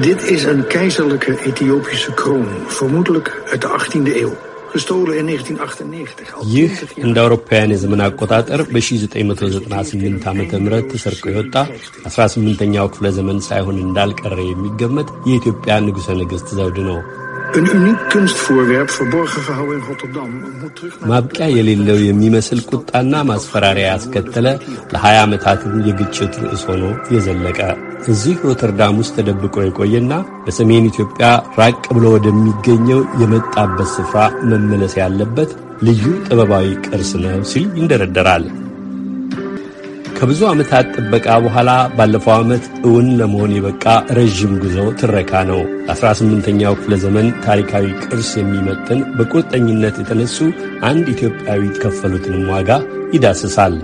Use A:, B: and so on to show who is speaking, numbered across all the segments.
A: Dit is een keizerlijke Ethiopische kroon, vermoedelijk uit de 18e eeuw. ይህ እንደ አውሮፓውያን የዘመን አቆጣጠር በ1998 ዓ ም ተሰርቆ የወጣ 18ኛው ክፍለ ዘመን ሳይሆን እንዳልቀረ የሚገመት የኢትዮጵያ ንጉሠ ነገሥት ዘውድ ነው። Een uniek kunstvoorwerp verborgen gehouden in Rotterdam. ማብቂያ የሌለው የሚመስል ቁጣና ማስፈራሪያ ያስከተለ ለ20 ዓመታትም የግጭት ርዕስ ሆኖ የዘለቀ እዚህ ሮተርዳም ውስጥ ተደብቆ የቆየና በሰሜን ኢትዮጵያ ራቅ ብሎ ወደሚገኘው የመጣበት ስፍራ መመለስ ያለበት ልዩ ጥበባዊ ቅርስ ነው ሲል ይንደረደራል። ከብዙ ዓመታት ጥበቃ በኋላ ባለፈው ዓመት እውን ለመሆን የበቃ ረዥም ጉዞ ትረካ ነው። ለ18ኛው ክፍለ ዘመን ታሪካዊ ቅርስ የሚመጥን በቁርጠኝነት የተነሱ አንድ ኢትዮጵያዊ የከፈሉትንም ዋጋ ይዳስሳል።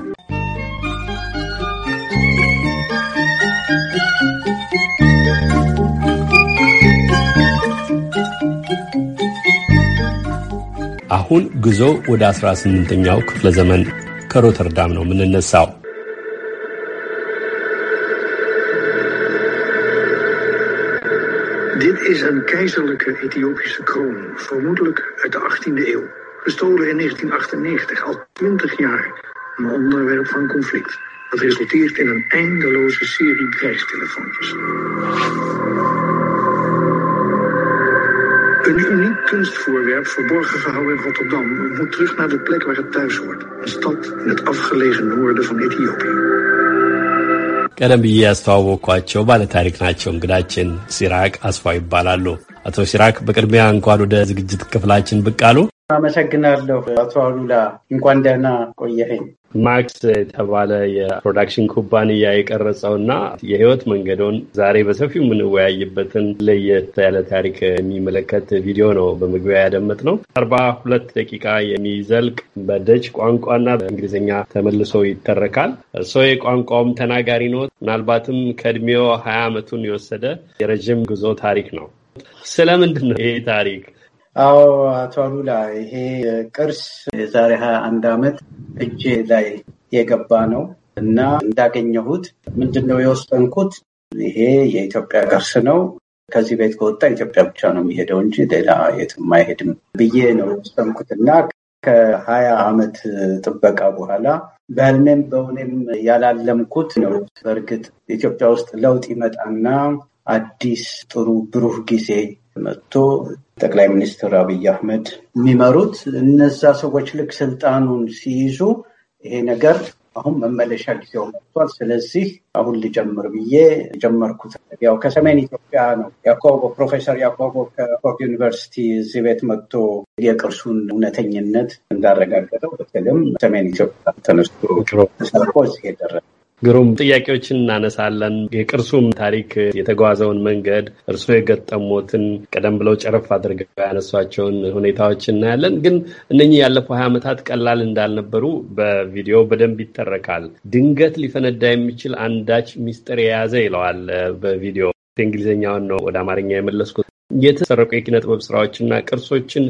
A: አሁን ጉዞ ወደ 18ኛው ክፍለ ዘመን ከሮተርዳም ነው የምንነሳው። is een keizerlijke Ethiopische kroon, vermoedelijk uit de 18e eeuw. Gestolen in 1998, al 20 jaar een onderwerp van conflict. Dat resulteert in een eindeloze serie
B: dreigtelefoontjes.
A: Een uniek kunstvoorwerp, verborgen gehouden in Rotterdam, moet terug naar de plek waar het thuis hoort. Een stad in het afgelegen noorden van Ethiopië. ቀደም ብዬ ያስተዋወቅኳቸው ባለታሪክ ናቸው። እንግዳችን ሲራክ አስፋው ይባላሉ። አቶ ሲራክ በቅድሚያ እንኳን ወደ ዝግጅት ክፍላችን ብቅ አሉ።
B: አመሰግናለሁ አቶ አሉላ። እንኳን ደህና ቆየኸኝ።
A: ማክስ የተባለ የፕሮዳክሽን ኩባንያ የቀረጸው እና የህይወት መንገዶን ዛሬ በሰፊው የምንወያይበትን ለየት ያለ ታሪክ የሚመለከት ቪዲዮ ነው በመግቢያ ያደመጥ ነው። አርባ ሁለት ደቂቃ የሚዘልቅ በደች ቋንቋና በእንግሊዝኛ ተመልሶ ይተረካል። እርስዎ የቋንቋውም ተናጋሪ ነው። ምናልባትም ከእድሜው ሀያ ዓመቱን የወሰደ የረዥም ጉዞ ታሪክ ነው። ስለምንድን ነው ይሄ ታሪክ?
B: አዎ አቶ አሉላ ይሄ ቅርስ የዛሬ ሀያ አንድ አመት እጄ ላይ የገባ ነው እና እንዳገኘሁት ምንድን ነው የወሰንኩት፣ ይሄ የኢትዮጵያ ቅርስ ነው ከዚህ ቤት ከወጣ ኢትዮጵያ ብቻ ነው የሚሄደው እንጂ ሌላ የትም አይሄድም ብዬ ነው የወሰንኩት እና ከሀያ አመት ጥበቃ በኋላ በህልሜም በእውኔም ያላለምኩት ነው። በእርግጥ ኢትዮጵያ ውስጥ ለውጥ ይመጣና አዲስ ጥሩ ብሩህ ጊዜ መጥቶ ጠቅላይ ሚኒስትር አብይ አህመድ የሚመሩት እነዛ ሰዎች ልክ ስልጣኑን ሲይዙ ይሄ ነገር አሁን መመለሻ ጊዜው መጥቷል። ስለዚህ አሁን ልጀምር ብዬ ጀመርኩት። ያው ከሰሜን ኢትዮጵያ ነው። ያኮቦ ፕሮፌሰር ያኮቦ ከኮክ ዩኒቨርሲቲ እዚህ ቤት መጥቶ የቅርሱን እውነተኝነት እንዳረጋገጠው በተልም ሰሜን ኢትዮጵያ ተነስቶ ተሰርቆ እዚህ
A: የደረሰ ግሩም ጥያቄዎችን እናነሳለን። የቅርሱም ታሪክ የተጓዘውን መንገድ እርስዎ የገጠሙትን ቀደም ብለው ጨረፍ አድርገው ያነሷቸውን ሁኔታዎች እናያለን። ግን እነኚህ ያለፉ ሀያ ዓመታት ቀላል እንዳልነበሩ በቪዲዮ በደንብ ይተረካል። ድንገት ሊፈነዳ የሚችል አንዳች ሚስጥር የያዘ ይለዋል በቪዲዮ እንግሊዝኛውን ነው ወደ አማርኛ የመለስኩት። የተሰረቁ የኪነ ጥበብ ስራዎችና ቅርሶችን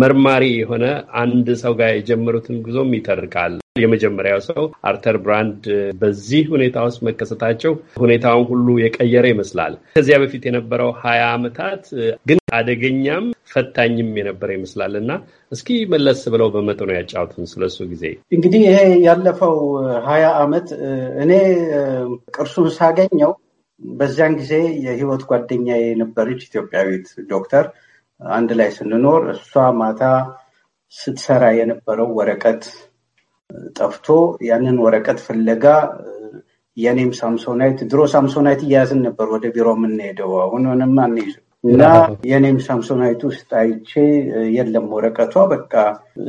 A: መርማሪ የሆነ አንድ ሰው ጋር የጀመሩትን ጉዞም ይተርካል። የመጀመሪያው ሰው አርተር ብራንድ በዚህ ሁኔታ ውስጥ መከሰታቸው ሁኔታውን ሁሉ የቀየረ ይመስላል። ከዚያ በፊት የነበረው ሀያ ዓመታት ግን አደገኛም ፈታኝም የነበረ ይመስላል እና እስኪ መለስ ብለው በመጠኑ ያጫወቱን ስለሱ ጊዜ።
B: እንግዲህ ይሄ ያለፈው ሀያ ዓመት እኔ ቅርሱን ሳገኘው በዚያን ጊዜ የህይወት ጓደኛ የነበረች ኢትዮጵያዊት ዶክተር አንድ ላይ ስንኖር እሷ ማታ ስትሰራ የነበረው ወረቀት ጠፍቶ ያንን ወረቀት ፍለጋ የኔም ሳምሶናይት ድሮ ሳምሶናይት እያያዝን ነበር ወደ ቢሮ የምንሄደው። አሁን ሆነም አንይዝም እና የኔም ሳምሶናይት ውስጥ አይቼ የለም ወረቀቷ፣ በቃ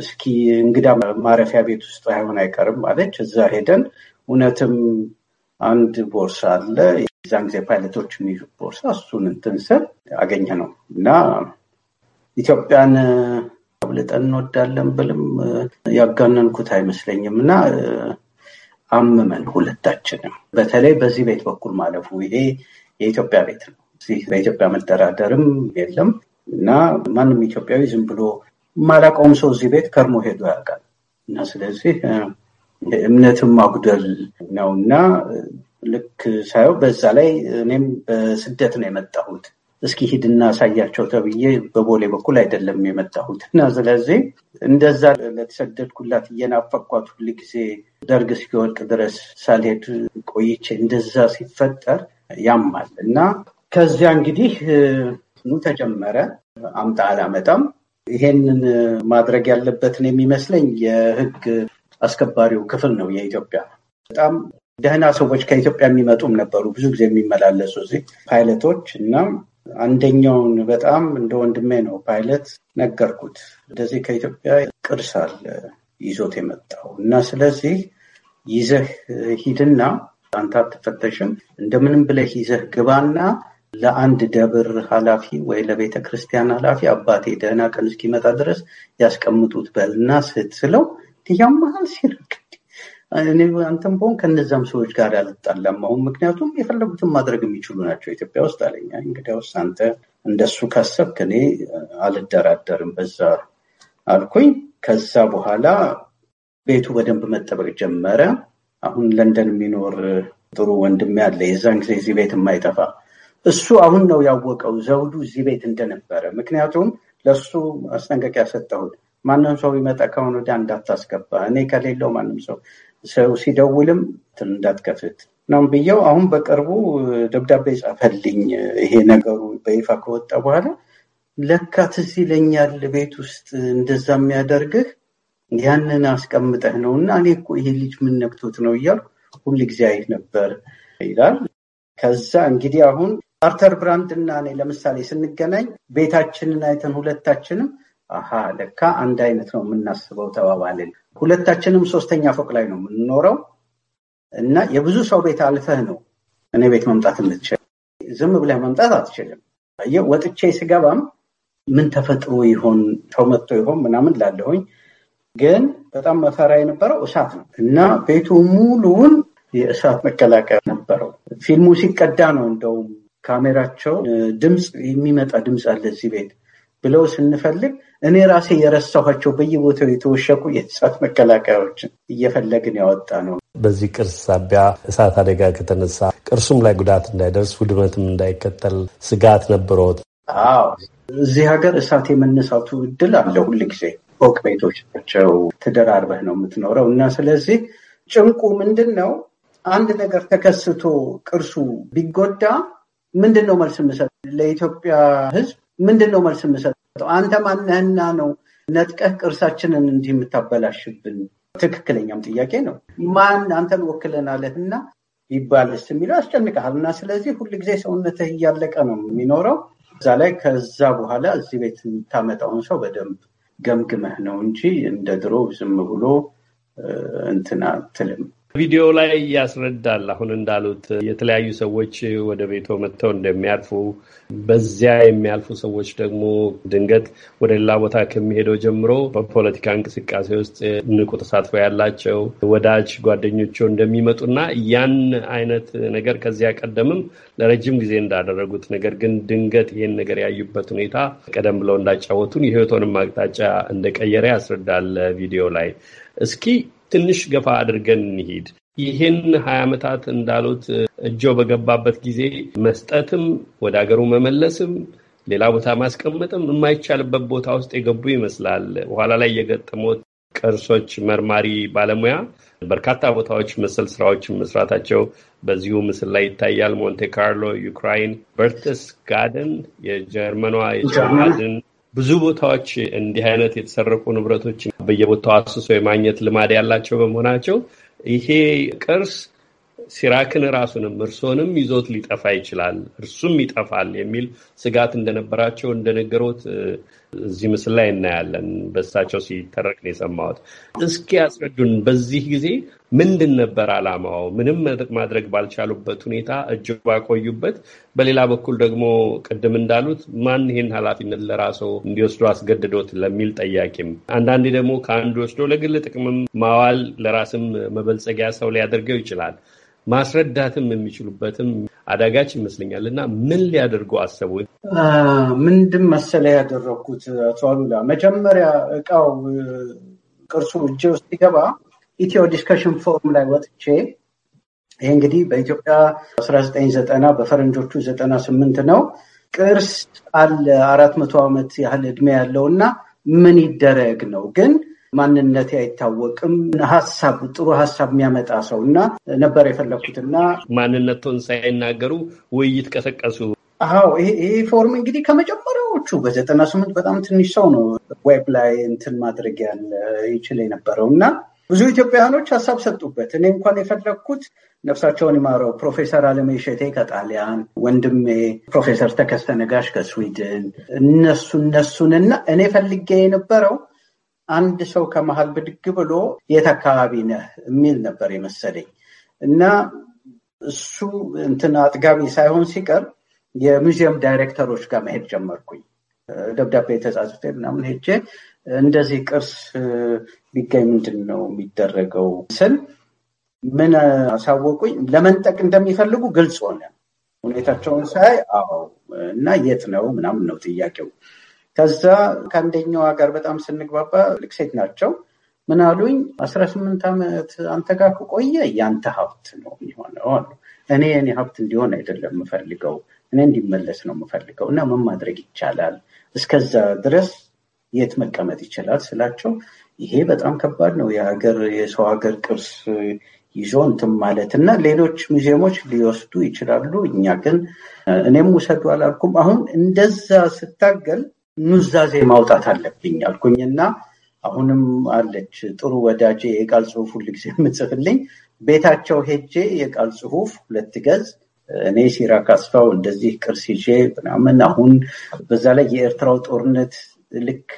B: እስኪ እንግዳ ማረፊያ ቤት ውስጥ አይሆን አይቀርም አለች። እዛ ሄደን እውነትም አንድ ቦርሳ አለ የዛን ጊዜ ፓይለቶች የሚይዙ ቦርሳ፣ እሱን እንትን ስል አገኘ ነው እና ኢትዮጵያን አብልጠን እንወዳለን ብልም ያጋነንኩት አይመስለኝም እና አምመን ሁለታችንም በተለይ በዚህ ቤት በኩል ማለፉ ይሄ የኢትዮጵያ ቤት ነው። እዚህ በኢትዮጵያ መደራደርም የለም እና ማንም ኢትዮጵያዊ ዝም ብሎ ማላውቀውም ሰው እዚህ ቤት ከርሞ ሄዶ ያውቃል እና ስለዚህ እምነትም ማጉደል ነው እና ልክ ሳየው በዛ ላይ እኔም በስደት ነው የመጣሁት እስኪ ሂድና አሳያቸው ተብዬ በቦሌ በኩል አይደለም የመጣሁት እና ስለዚህ እንደዛ ለተሰደድኩላት እየናፈቅኳት ሁል ጊዜ ደርግ እስኪወድቅ ድረስ ሳልሄድ ቆይቼ እንደዛ ሲፈጠር ያማል እና ከዚያ እንግዲህ ኑ ተጀመረ። አምጣ አላመጣም ይሄንን ማድረግ ያለበትን የሚመስለኝ የህግ አስከባሪው ክፍል ነው የኢትዮጵያ በጣም ደህና ሰዎች ከኢትዮጵያ የሚመጡም ነበሩ። ብዙ ጊዜ የሚመላለሱ እዚህ ፓይለቶች እና አንደኛውን በጣም እንደ ወንድሜ ነው ፓይለት ነገርኩት። እንደዚህ ከኢትዮጵያ ቅርስ አለ ይዞት የመጣው እና ስለዚህ ይዘህ ሂድና አንተ አትፈተሽም፣ እንደምንም ብለህ ይዘህ ግባና ለአንድ ደብር ኃላፊ ወይ ለቤተ ክርስቲያን ኃላፊ አባቴ ደህና ቀን እስኪመጣ ድረስ ያስቀምጡት በልና ስት ስለው ያመሃል ሲርቅ እኔ አንተም በሆን ከነዚም ሰዎች ጋር አልጣላም። አሁን ምክንያቱም የፈለጉትን ማድረግ የሚችሉ ናቸው ኢትዮጵያ ውስጥ አለኝ። እንግዲያውስ አንተ እንደሱ ካሰብክ እኔ አልደራደርም በዛ አልኩኝ። ከዛ በኋላ ቤቱ በደንብ መጠበቅ ጀመረ። አሁን ለንደን የሚኖር ጥሩ ወንድም ያለ የዛን ጊዜ እዚህ ቤት የማይጠፋ እሱ አሁን ነው ያወቀው ዘውዱ እዚህ ቤት እንደነበረ። ምክንያቱም ለእሱ ማስጠንቀቂያ ሰጠሁት። ማንም ሰው ቢመጣ ከሆነ ወዲያ እንዳታስገባ፣ እኔ ከሌለው ማንም ሰው ሰው ሲደውልም እንዳትከፍት ነው ብየው፣ አሁን በቅርቡ ደብዳቤ ጻፈልኝ። ይሄ ነገሩ በይፋ ከወጣ በኋላ ለካ ትዝ ይለኛል ቤት ውስጥ እንደዛ የሚያደርግህ ያንን አስቀምጠህ ነው እና እኔ እኮ ይሄ ልጅ ምን ነክቶት ነው እያልኩ ሁል ጊዜ አይ ነበር ይላል። ከዛ እንግዲህ አሁን አርተር ብራንድ እና እኔ ለምሳሌ ስንገናኝ ቤታችንን አይተን ሁለታችንም አሀ ለካ አንድ አይነት ነው የምናስበው ተባባልን። ሁለታችንም ሶስተኛ ፎቅ ላይ ነው የምንኖረው እና የብዙ ሰው ቤት አልፈህ ነው እኔ ቤት መምጣት የምትችል። ዝም ብለህ መምጣት አትችልም። ወጥቼ ስገባም ምን ተፈጥሮ ይሆን ሰው መጥቶ ይሆን ምናምን ላለሁኝ ግን በጣም መፈራ የነበረው እሳት ነው እና ቤቱ ሙሉውን የእሳት መከላከያ ነበረው። ፊልሙ ሲቀዳ ነው እንደውም ካሜራቸው ድምፅ የሚመጣ ድምፅ አለ እዚህ ቤት ብለው ስንፈልግ እኔ ራሴ የረሳኋቸው በየቦታው የተወሸቁ የእሳት መከላከያዎችን
A: እየፈለግን ነው። በዚህ ቅርስ ሳቢያ እሳት አደጋ ከተነሳ ቅርሱም ላይ ጉዳት እንዳይደርስ ውድመትም እንዳይከተል ስጋት ነበረዎት?
B: አዎ፣ እዚህ ሀገር እሳት የመነሳቱ እድል አለ። ሁልጊዜ ፎቅ ቤቶች ናቸው፣ ተደራርበህ ነው የምትኖረው እና ስለዚህ ጭንቁ ምንድን ነው? አንድ ነገር ተከስቶ ቅርሱ ቢጎዳ ምንድን ነው መልስ የምሰጥ? ለኢትዮጵያ ሕዝብ ምንድን ነው መልስ የምሰጥ? አንተ ማነህና ነው ነጥቀህ ቅርሳችንን እንዲህ የምታበላሽብን? ትክክለኛም ጥያቄ ነው። ማን አንተን ወክለናለህና ይባልስ የሚለው ያስጨንቅሃል። እና ስለዚህ ሁልጊዜ ሰውነትህ እያለቀ ነው የሚኖረው። እዛ ላይ ከዛ በኋላ እዚህ ቤት የምታመጣውን ሰው በደንብ ገምግመህ ነው እንጂ እንደ ድሮ ዝም ብሎ እንትና ትልም
A: ቪዲዮ ላይ ያስረዳል። አሁን እንዳሉት የተለያዩ ሰዎች ወደ ቤቶ መጥተው እንደሚያልፉ በዚያ የሚያልፉ ሰዎች ደግሞ ድንገት ወደ ሌላ ቦታ ከሚሄደው ጀምሮ በፖለቲካ እንቅስቃሴ ውስጥ ንቁ ተሳትፎ ያላቸው ወዳጅ እንደሚመጡ እንደሚመጡና ያን አይነት ነገር ከዚያ ቀደምም ለረጅም ጊዜ እንዳደረጉት ነገር ግን ድንገት ይህን ነገር ያዩበት ሁኔታ ቀደም ብለው እንዳጫወቱን የህይወቶንም አቅጣጫ እንደቀየረ ያስረዳል ቪዲዮ ላይ እስኪ ትንሽ ገፋ አድርገን እንሂድ። ይህን ሀያ ዓመታት እንዳሉት እጆ በገባበት ጊዜ መስጠትም ወደ ሀገሩ መመለስም ሌላ ቦታ ማስቀመጥም የማይቻልበት ቦታ ውስጥ የገቡ ይመስላል። በኋላ ላይ የገጠሙት ቅርሶች መርማሪ ባለሙያ በርካታ ቦታዎች መሰል ስራዎችን መስራታቸው በዚሁ ምስል ላይ ይታያል። ሞንቴ ካርሎ፣ ዩክራይን፣ በርትስ ጋደን፣ የጀርመኗ የጀርማድን ብዙ ቦታዎች እንዲህ አይነት የተሰረቁ ንብረቶች በየቦታው አስሶ የማግኘት ልማድ ያላቸው በመሆናቸው ይሄ ቅርስ ሲራክን ራሱንም እርሶንም ይዞት ሊጠፋ ይችላል፣ እርሱም ይጠፋል የሚል ስጋት እንደነበራቸው እንደነገሩት እዚህ ምስል ላይ እናያለን። በእሳቸው ሲተረክ ነው የሰማሁት። እስኪ ያስረዱን። በዚህ ጊዜ ምንድን ነበር አላማው? ምንም ማድረግ ባልቻሉበት ሁኔታ እጅ ባቆዩበት፣ በሌላ በኩል ደግሞ ቅድም እንዳሉት ማን ይህን ኃላፊነት ለራሰው እንዲወስዱ አስገድዶት ለሚል ጠያቂም፣ አንዳንዴ ደግሞ ከአንዱ ወስዶ ለግል ጥቅምም ማዋል ለራስም መበልጸጊያ ሰው ሊያደርገው ይችላል። ማስረዳትም የሚችሉበትም አዳጋች ይመስለኛል። እና ምን ሊያደርጉ አሰቡ?
B: ምንድን መሰለ ያደረግኩት አቶ አሉላ፣ መጀመሪያ እቃው ቅርሱ እጄ ውስጥ ሲገባ ኢትዮ ዲስከሽን ፎርም ላይ ወጥቼ ይህ እንግዲህ በኢትዮጵያ 1990 በፈረንጆቹ 98 ነው። ቅርስ አለ አራት መቶ ዓመት ያህል እድሜ ያለው እና ምን ይደረግ ነው ግን ማንነት አይታወቅም። ሀሳብ ጥሩ ሀሳብ የሚያመጣ ሰው እና ነበር የፈለግኩትና
A: ማንነቱን ሳይናገሩ ውይይት ቀሰቀሱ።
B: አዎ ይሄ ፎርም እንግዲህ ከመጀመሪያዎቹ
A: በዘጠና ስምንት
B: በጣም ትንሽ ሰው ነው ዌብ ላይ እንትን ማድረግ ያለ ይችል የነበረው እና ብዙ ኢትዮጵያውያኖች ሀሳብ ሰጡበት። እኔ እንኳን የፈለግኩት ነፍሳቸውን ይማረው ፕሮፌሰር አለሜ ሸቴ ከጣሊያን ወንድሜ ፕሮፌሰር ተከስተ ነጋሽ ከስዊድን እነሱ እና እኔ ፈልጌ የነበረው አንድ ሰው ከመሀል ብድግ ብሎ የት አካባቢ ነህ የሚል ነበር የመሰለኝ እና እሱ እንትን አጥጋቢ ሳይሆን ሲቀር የሙዚየም ዳይሬክተሮች ጋር መሄድ ጀመርኩኝ። ደብዳቤ የተጻጽፌ ምናምን ሄጄ እንደዚህ ቅርስ ቢገኝ ምንድን ነው የሚደረገው ስል ምን አሳወቁኝ። ለመንጠቅ እንደሚፈልጉ ግልጽ ሆነ። ሁኔታቸውን ሳይ አዎ፣ እና የት ነው ምናምን ነው ጥያቄው። ከዛ ከአንደኛው ጋር በጣም ስንግባባ ልቅ ሴት ናቸው ምን አሉኝ፣ አስራ ስምንት ዓመት አንተ ጋር ከቆየ ያንተ ሀብት ነው የሚሆነው። እኔ የኔ ሀብት እንዲሆን አይደለም የምፈልገው፣ እኔ እንዲመለስ ነው የምፈልገው። እና ምን ማድረግ ይቻላል? እስከዛ ድረስ የት መቀመጥ ይችላል ስላቸው፣ ይሄ በጣም ከባድ ነው የሀገር የሰው ሀገር ቅርስ ይዞ እንትም ማለት እና ሌሎች ሙዚየሞች ሊወስዱ ይችላሉ። እኛ ግን እኔም ውሰዱ አላልኩም። አሁን እንደዛ ስታገል ኑዛዜ ማውጣት አለብኝ አልኩኝና አሁንም አለች ጥሩ ወዳጄ የቃል ጽሁፍ ሁልጊዜ የምጽፍልኝ ቤታቸው ሄጄ የቃል ጽሁፍ ሁለት ገጽ እኔ ሲራ ካስፋው እንደዚህ ቅርስ ይዤ ምናምን አሁን በዛ ላይ የኤርትራው ጦርነት ልክ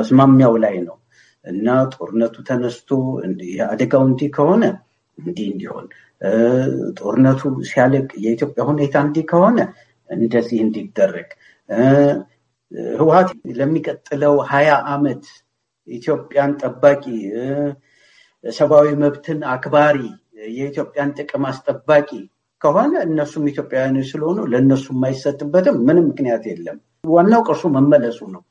B: አዝማሚያው ላይ ነው እና ጦርነቱ ተነስቶ አደጋው እንዲህ ከሆነ እንዲህ እንዲሆን ጦርነቱ ሲያልቅ የኢትዮጵያ ሁኔታ እንዲህ ከሆነ እንደዚህ እንዲደረግ ህወሀት ለሚቀጥለው ሀያ አመት ኢትዮጵያን ጠባቂ፣ ሰብአዊ መብትን አክባሪ፣ የኢትዮጵያን ጥቅም አስጠባቂ ከሆነ እነሱም ኢትዮጵያውያን ስለሆኑ ለእነሱ የማይሰጥበትም ምንም ምክንያት የለም። ዋናው ቅርሱ መመለሱ ነው።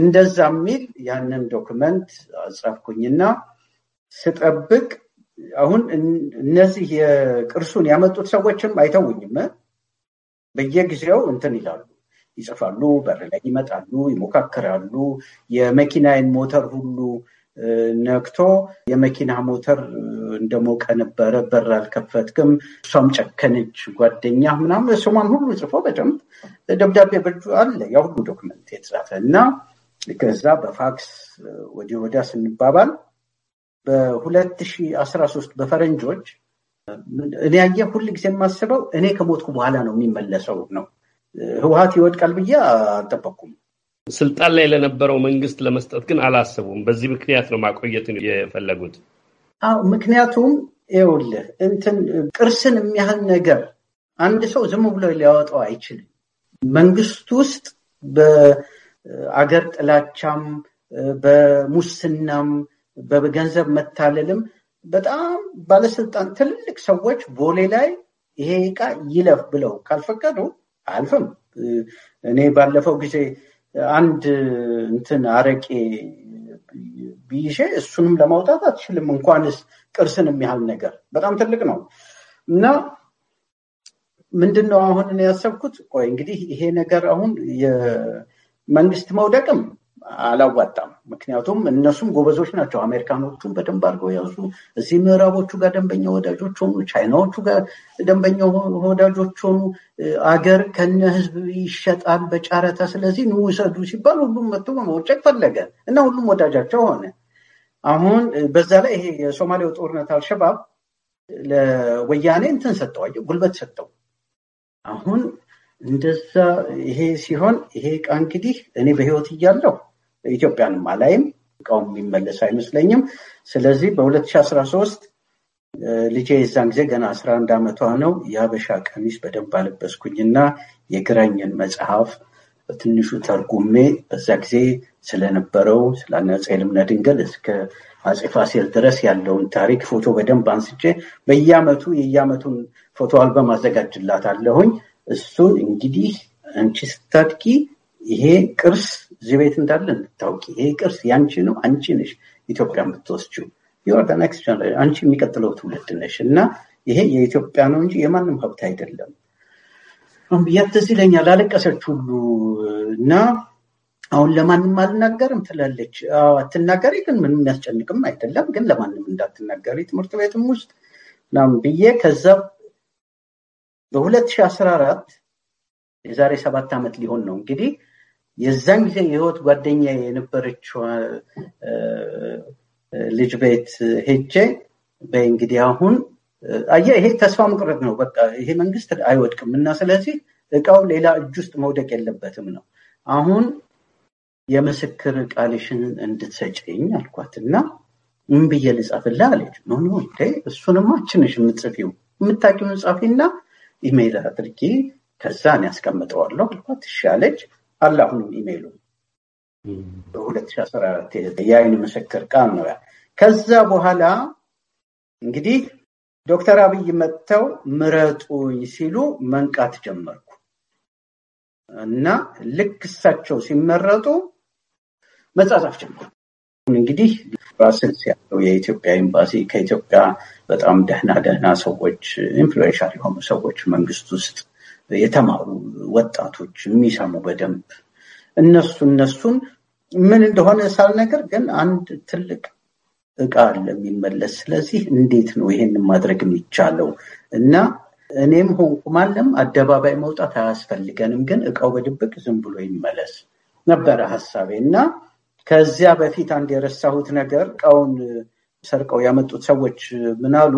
B: እንደዛ የሚል ያንን ዶክመንት አጻፍኩኝና ስጠብቅ አሁን እነዚህ የቅርሱን ያመጡት ሰዎችም አይተውኝም። በየጊዜው እንትን ይላሉ ይጽፋሉ፣ በር ላይ ይመጣሉ፣ ይሞካከራሉ። የመኪናዬን ሞተር ሁሉ ነክቶ የመኪና ሞተር እንደሞቀ ነበረ፣ በር አልከፈትክም፣ እሷም ጨከነች ጓደኛ ምናምን ስሟን ሁሉ ጽፎ በደንብ ደብዳቤ ብርዱ አለ ያ ሁሉ ዶክመንት የተጻፈ እና ከዛ በፋክስ ወዲህ ወዲያ ስንባባል በ2013 በፈረንጆች እኔ ያየ ጊዜ የማስበው እኔ ከሞትኩ በኋላ ነው
A: የሚመለሰው ነው ህወሀት
B: ይወድቃል ብዬ አልጠበቅኩም።
A: ስልጣን ላይ ለነበረው መንግስት ለመስጠት ግን አላሰቡም። በዚህ ምክንያት ነው ማቆየትን የፈለጉት።
B: አዎ ምክንያቱም ይኸውልህ እንትን ቅርስን የሚያህል ነገር አንድ ሰው ዝም ብሎ ሊያወጣው አይችልም። መንግስት ውስጥ በአገር ጥላቻም፣ በሙስናም፣ በገንዘብ መታለልም በጣም ባለስልጣን ትልልቅ ሰዎች ቦሌ ላይ ይሄ እቃ ይለፍ ብለው ካልፈቀዱ አልፍም። እኔ ባለፈው ጊዜ አንድ እንትን አረቄ ብይሼ እሱንም ለማውጣት አትችልም፣ እንኳንስ ቅርስን የሚያህል ነገር በጣም ትልቅ ነው እና ምንድን ነው አሁን ያሰብኩት? ቆይ እንግዲህ ይሄ ነገር አሁን የመንግስት መውደቅም አላዋጣም። ምክንያቱም እነሱም ጎበዞች ናቸው። አሜሪካኖቹን በደንብ አድርገው የያዙ እዚህ ምዕራቦቹ ጋር ደንበኛ ወዳጆች ሆኑ፣ ቻይናዎቹ ጋር ደንበኛ ወዳጆች ሆኑ። አገር ከነ ህዝብ ይሸጣል በጨረታ ስለዚህ ንውሰዱ ሲባል ሁሉም መጥቶ በመውጨቅ ፈለገ እና ሁሉም ወዳጃቸው ሆነ። አሁን በዛ ላይ ይሄ የሶማሌው ጦርነት አልሸባብ ለወያኔ እንትን ሰጠዋየ ጉልበት ሰጠው። አሁን እንደዛ ይሄ ሲሆን ይሄ ቃ እንግዲህ እኔ በህይወት እያለሁ ኢትዮጵያንም ማላይም እቃውም የሚመለስ አይመስለኝም። ስለዚህ በ2013 ልጄ የዛን ጊዜ ገና 11 ዓመቷ ነው። የሀበሻ ቀሚስ በደንብ አለበስኩኝና የግራኝን መጽሐፍ በትንሹ ተርጉሜ በዛ ጊዜ ስለነበረው ስለ አፄ ልብነ ድንግል እስከ አፄ ፋሲል ድረስ ያለውን ታሪክ ፎቶ በደንብ አንስቼ በየአመቱ የየአመቱን ፎቶ አልበም አዘጋጅላት አለሁኝ። እሱ እንግዲህ አንቺ ስታድቂ ይሄ ቅርስ እዚህ ቤት እንዳለ እንድታውቂ፣ ይሄ ቅርስ ያንቺ ነው፣ አንቺ ነሽ ኢትዮጵያ የምትወስችው አንቺ የሚቀጥለው ትውልድ ነሽ እና ይሄ የኢትዮጵያ ነው እንጂ የማንም ሀብት አይደለም ብያት ትዝ ይለኛል። ሁሉ እና አሁን ለማንም አልናገርም ትላለች። አትናገሪ ግን ምንም የሚያስጨንቅም አይደለም ግን ለማንም እንዳትናገሪ ትምህርት ቤትም ውስጥ ናም ብዬ ከዛ በ2014 የዛሬ ሰባት ዓመት ሊሆን ነው እንግዲህ የዛን ጊዜ የህይወት ጓደኛ የነበረችው ልጅ ቤት ሄጄ በእንግዲህ አሁን አየህ ይሄ ተስፋ መቁረጥ ነው። በቃ ይሄ መንግስት አይወድቅም እና ስለዚህ እቃው ሌላ እጅ ውስጥ መውደቅ የለበትም ነው። አሁን የምስክር ቃልሽን እንድትሰጭኝ አልኳት እና ምን ብዬ ልጻፍልህ አለች። ኖኖ ኖ እሱንማ ችንሽ የምትጽፊው የምታውቂውን ጻፊና ኢሜይል አድርጊ ከዛ እኔ ያስቀምጠዋለሁ አልኳት። እሺ አለች። አለ አሁንም ኢሜይሉ በ2014 የአይን ምስክር ቃል ነው። ከዛ በኋላ እንግዲህ ዶክተር አብይ መጥተው ምረጡኝ ሲሉ መንቃት ጀመርኩ እና ልክ እሳቸው ሲመረጡ መጻጻፍ ጀመርኩ። እንግዲህ ብራስልስ ያለው የኢትዮጵያ ኤምባሲ ከኢትዮጵያ በጣም ደህና ደህና ሰዎች ኢንፍሉዌንሻል የሆኑ ሰዎች መንግስት ውስጥ የተማሩ ወጣቶች የሚሰሙ በደንብ እነሱ እነሱን ምን እንደሆነ ሳልነገር ግን አንድ ትልቅ እቃ አለ የሚመለስ። ስለዚህ እንዴት ነው ይሄን ማድረግ የሚቻለው? እና እኔም ሆንኩ ማለም አደባባይ መውጣት አያስፈልገንም፣ ግን እቃው በድብቅ ዝም ብሎ ይመለስ ነበረ ሀሳቤ እና ከዚያ በፊት አንድ የረሳሁት ነገር እቃውን ሰርቀው ያመጡት ሰዎች ምናሉ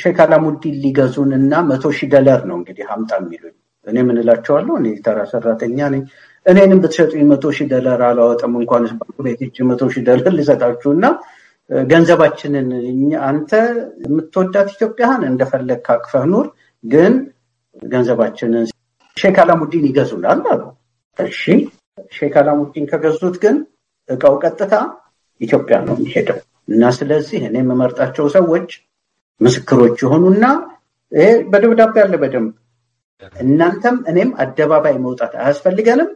B: ሼክ አላሙዲን ሊገዙን እና መቶ ሺህ ደለር ነው እንግዲህ አምጣ የሚሉኝ እኔ ምን እላቸዋለሁ? እኔ ተራ ሰራተኛ ነኝ። እኔንም ብትሰጡኝ መቶ ሺህ ደለር አላወጣም እንኳን ቤት መቶ ሺህ ደለር ልሰጣችሁ እና ገንዘባችንን አንተ የምትወዳት ኢትዮጵያን እንደፈለግ ካቅፈህ ኑር፣ ግን ገንዘባችንን ሼክ አላሙዲን ይገዙናል አሉ። እሺ ሼክ አላሙዲን ከገዙት ግን እቃው ቀጥታ ኢትዮጵያ ነው የሚሄደው እና ስለዚህ እኔ የምመርጣቸው ሰዎች ምስክሮች የሆኑና በደብዳቤ ያለ በደንብ እናንተም እኔም አደባባይ መውጣት አያስፈልገንም፣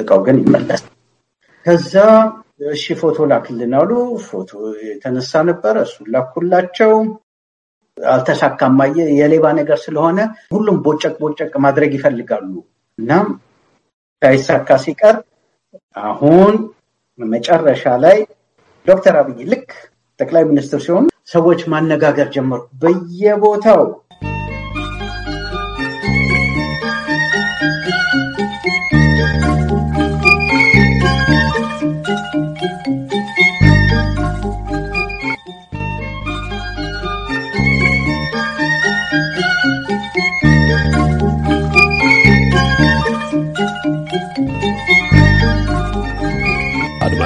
B: እቃው ግን ይመለስ። ከዛ እሺ ፎቶ ላክልን አሉ። ፎቶ የተነሳ ነበረ፣ እሱን ላኩላቸው። አልተሳካማየ የሌባ ነገር ስለሆነ ሁሉም ቦጨቅ ቦጨቅ ማድረግ ይፈልጋሉ። እናም ሳይሳካ ሲቀር አሁን መጨረሻ ላይ ዶክተር አብይ ልክ ጠቅላይ ሚኒስትር ሲሆኑ ሰዎች ማነጋገር ጀመርኩ በየቦታው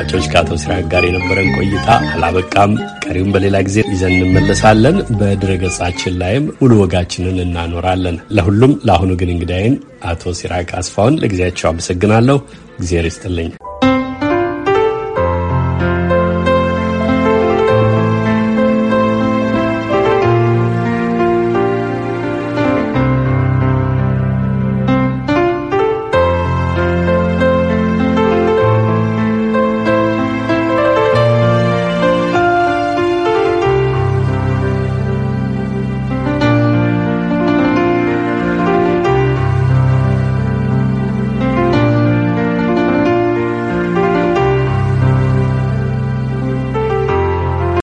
A: አድማጮች ከአቶ ሲራክ ጋር የነበረን ቆይታ አላበቃም። ቀሪውን በሌላ ጊዜ ይዘን እንመለሳለን። በድረገጻችን ላይም ሙሉ ወጋችንን እናኖራለን። ለሁሉም ለአሁኑ ግን እንግዳይን አቶ ሲራክ አስፋውን ለጊዜያቸው አመሰግናለሁ። እግዜር ይስጥልኝ።